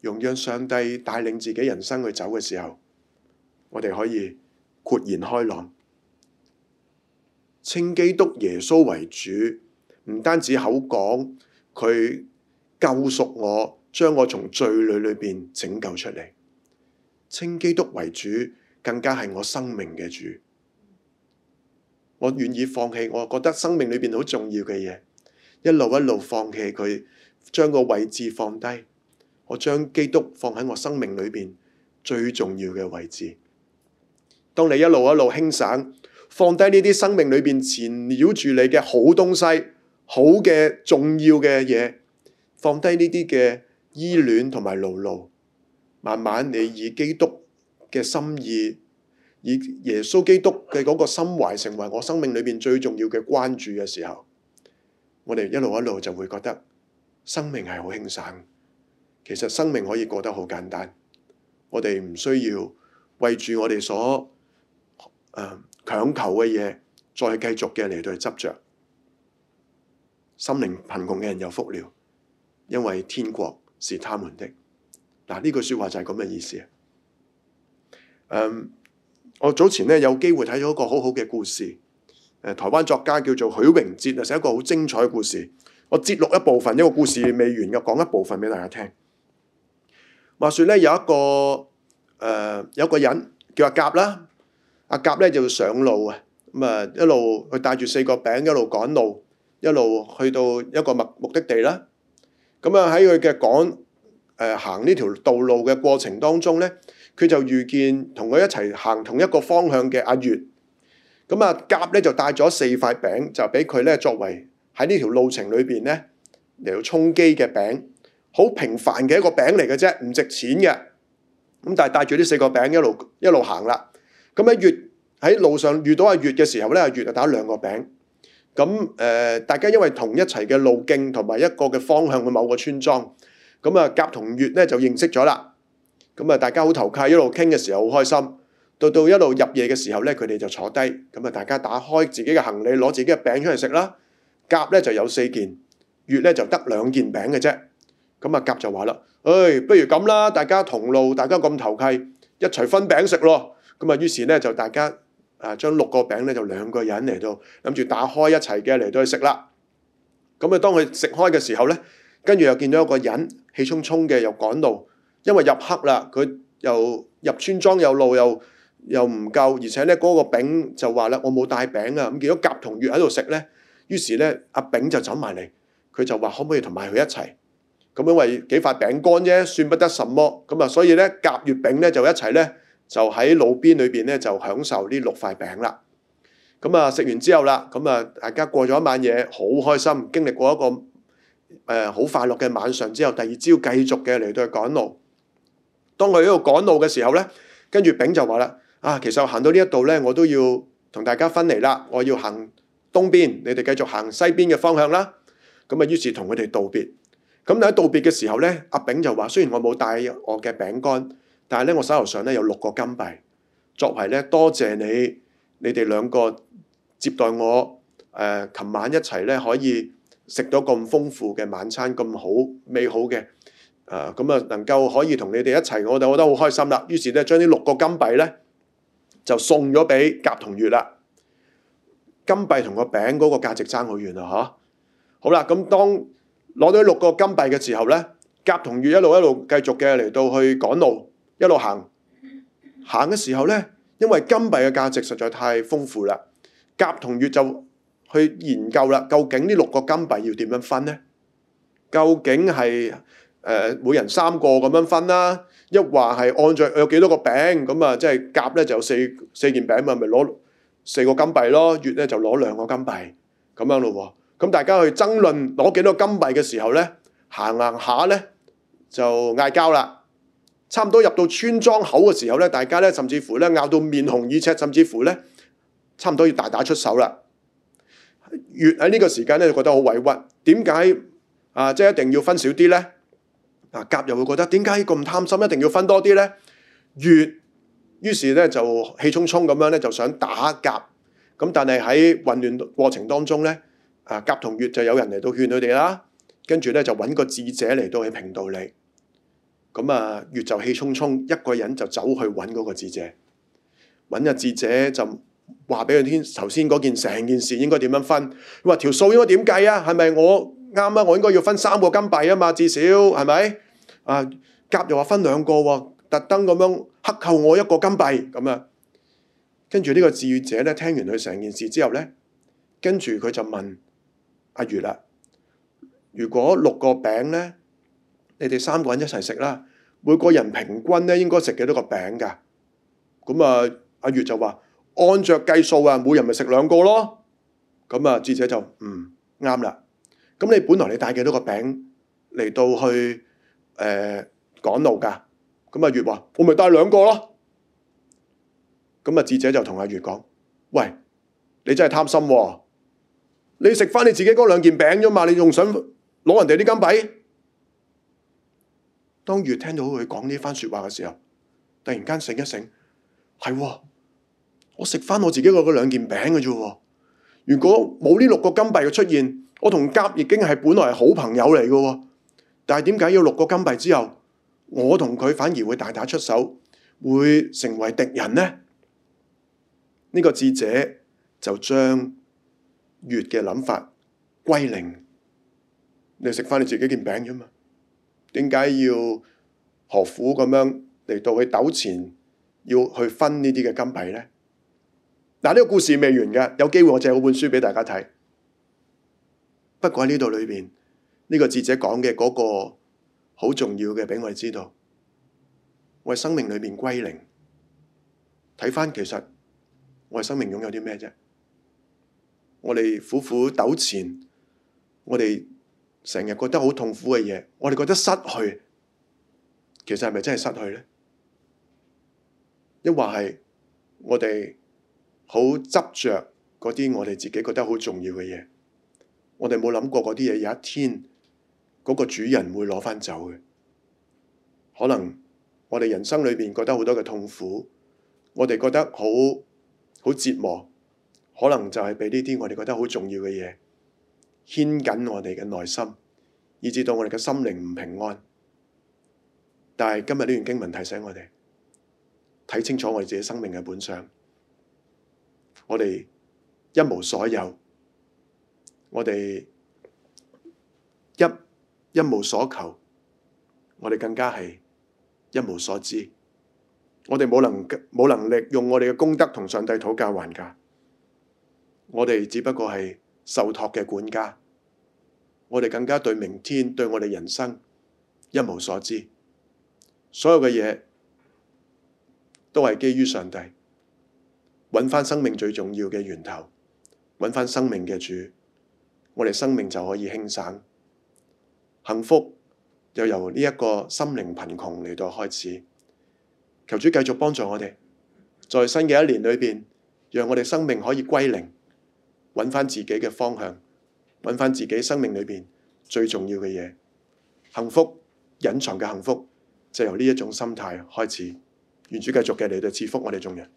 容讓上帝帶領自己人生去走嘅時候，我哋可以豁然開朗，稱基督耶穌為主，唔單止口講佢救贖我，將我從罪裏裏邊拯救出嚟，稱基督為主，更加係我生命嘅主，我願意放棄我覺得生命裏邊好重要嘅嘢。一路一路放棄佢，將個位置放低。我將基督放喺我生命裏邊最重要嘅位置。當你一路一路輕省，放低呢啲生命裏邊纏繞住你嘅好東西、好嘅重要嘅嘢，放低呢啲嘅依戀同埋勞碌，慢慢你以基督嘅心意，以耶穌基督嘅嗰個心懷成為我生命裏邊最重要嘅關注嘅時候。我哋一路一路就會覺得生命係好輕鬆，其實生命可以過得好簡單。我哋唔需要為住我哋所誒、呃、強求嘅嘢，再繼續嘅嚟到去執着。心靈貧窮嘅人有福了，因為天國是他們的。嗱，呢句說話就係咁嘅意思。嗯，我早前咧有機會睇咗一個好好嘅故事。誒，台灣作家叫做許榮哲，啊寫一個好精彩嘅故事。我截錄一部分，一個故事未完嘅，講一部分俾大家聽。話說咧，有一個誒有個人叫阿甲啦，阿甲咧就要上路啊，咁啊一路佢帶住四個餅，一路趕路，一路去到一個目目的地啦。咁啊喺佢嘅趕誒行呢條道路嘅過程當中咧，佢就遇見同佢一齊行同一個方向嘅阿月。咁啊，甲咧就帶咗四塊餅，就俾佢咧作為喺呢條路程裏邊咧嚟到充飢嘅餅，好平凡嘅一個餅嚟嘅啫，唔值錢嘅。咁但係帶住呢四個餅一路一路行啦。咁啊，月喺路上遇到阿月嘅時候咧，阿月就打兩個餅。咁誒，大家因為同一齊嘅路徑同埋一個嘅方向嘅某個村莊，咁啊甲同月咧就認識咗啦。咁啊，大家好投契，一路傾嘅時候好開心。到到一路入夜嘅時候咧，佢哋就坐低，咁啊大家打開自己嘅行李，攞自己嘅餅出嚟食啦。甲咧就有四件，乙咧就得兩件餅嘅啫。咁啊甲就話啦，唉、哎，不如咁啦，大家同路，大家咁投契，一齊分餅食咯。咁啊，於是咧就大家啊將六個餅咧就兩個人嚟到諗住打開一齊嘅嚟到去食啦。咁啊當佢食開嘅時候咧，跟住又見到一個人氣沖沖嘅又趕路，因為入黑啦，佢又入村莊有路又。又唔夠，而且咧嗰個丙就話啦：我冇帶餅啊！咁見到甲同乙喺度食咧，於是咧阿丙就走埋嚟，佢就話可唔可以同埋佢一齊？咁因為幾塊餅乾啫，算不得什麼。咁啊，所以咧甲、乙、丙咧就一齊咧，就喺路邊裏邊咧就享受呢六塊餅啦。咁啊，食完之後啦，咁啊大家過咗一晚夜，好開心。經歷過一個誒好快樂嘅晚上之後，第二朝繼續嘅嚟到去趕路。當佢喺度趕路嘅時候咧，跟住丙就話啦。啊，其實我行到呢一度呢，我都要同大家分離啦。我要行東邊，你哋繼續行西邊嘅方向啦。咁啊，於是同佢哋道別。咁但喺道別嘅時候呢，阿炳就話：雖然我冇帶我嘅餅乾，但係呢我手頭上呢有六個金幣，作為呢多謝你你哋兩個接待我。誒，琴晚一齊呢可以食到咁豐富嘅晚餐，咁好美好嘅。誒，咁啊能夠可以同你哋一齊，我就覺得好開心啦。於是呢將呢六個金幣呢，就送咗俾甲同乙啦，金幣同個餅嗰個價值爭好遠啦，吓，好啦，咁當攞到六個金幣嘅時候呢，甲同乙一路一路繼續嘅嚟到去趕路，一路行，行嘅時候呢，因為金幣嘅價值實在太豐富啦，甲同乙就去研究啦，究竟呢六個金幣要點樣分呢？究竟係？誒，每人三個咁樣分啦。抑或係按住有幾多個餅，咁啊，即係夾咧就有四四件餅嘛，咪攞四個金幣咯。月咧就攞兩個金幣咁樣咯喎。咁大家去爭論攞幾多金幣嘅時候咧，行行下咧就嗌交啦。差唔多入到村莊口嘅時候咧，大家咧甚至乎咧拗到面紅耳赤，甚至乎咧差唔多要大打出手啦。月喺呢個時間咧就覺得好委屈，點解啊？即係一定要分少啲咧？嗱，甲又會覺得點解咁貪心，一定要分多啲呢？月於是咧就氣沖沖咁樣咧，就想打甲。咁但係喺混亂過程當中呢，啊，甲同月就有人嚟到勸佢哋啦。跟住呢，就揾個智者嚟到去評道理。咁啊，月就氣沖沖，一個人就走去揾嗰個智者。揾個智者就話俾佢聽，頭先嗰件成件事應該點樣分？話條數應該點計啊？係咪我？啱啦，我應該要分三個金幣啊嘛，至少係咪啊？甲又話分兩個喎，特登咁樣克扣我一個金幣咁啊。跟住呢個智者咧，聽完佢成件事之後咧，跟住佢就問阿乙啦：如果六個餅咧，你哋三個人一齊食啦，每個人平均咧應該食幾多個餅㗎？咁啊，阿乙就話按著計數啊，每人咪食兩個咯。咁啊，智者就唔啱啦。咁你本來你帶幾多個餅嚟到去，誒趕路噶？咁阿月話：我咪帶兩個咯。咁啊，智者就同阿月講：喂，你真係貪心，你食翻你自己嗰兩件餅啫嘛，你仲想攞人哋啲金幣？當月聽到佢講呢番說話嘅時候，突然間醒一醒，係我食翻我自己嗰兩件餅嘅啫。如果冇呢六個金幣嘅出現，我同甲已經係本來係好朋友嚟嘅，但係點解要六個金幣之後，我同佢反而會大打出手，會成為敵人呢？呢個智者就將月嘅諗法歸零，你食翻你自己件餅啫嘛？點解要何苦咁樣嚟到去糾纏，要去分呢啲嘅金幣呢？嗱，呢個故事未完嘅，有機會我借好本書俾大家睇。不過喺呢度裏邊，呢個智者講嘅嗰個好重要嘅，俾我哋知道，我喺生命裏面歸零。睇返其實我喺生命擁有啲咩啫？我哋苦苦糾纏，我哋成日覺得好痛苦嘅嘢，我哋覺得失去，其實係咪真係失去呢？抑或係我哋好執着嗰啲我哋自己覺得好重要嘅嘢？我哋冇諗過嗰啲嘢，有一天嗰個主人會攞翻走嘅。可能我哋人生裏邊覺得好多嘅痛苦，我哋覺得好好折磨，可能就係俾呢啲我哋覺得好重要嘅嘢，牽緊我哋嘅內心，以至到我哋嘅心靈唔平安。但係今日呢段經文提醒我哋，睇清楚我哋自己生命嘅本相，我哋一無所有。我哋一一無所求，我哋更加係一無所知。我哋冇能冇能力用我哋嘅功德同上帝討價還價。我哋只不過係受託嘅管家。我哋更加對明天對我哋人生一無所知。所有嘅嘢都係基於上帝揾翻生命最重要嘅源頭，揾翻生命嘅主。我哋生命就可以輕省。幸福又由呢一個心靈貧窮嚟到開始。求主繼續幫助我哋，在新嘅一年裏邊，讓我哋生命可以歸零，揾翻自己嘅方向，揾翻自己生命裏邊最重要嘅嘢。幸福隱藏嘅幸福，就由呢一種心態開始。願主繼續嘅嚟到賜福我哋眾人。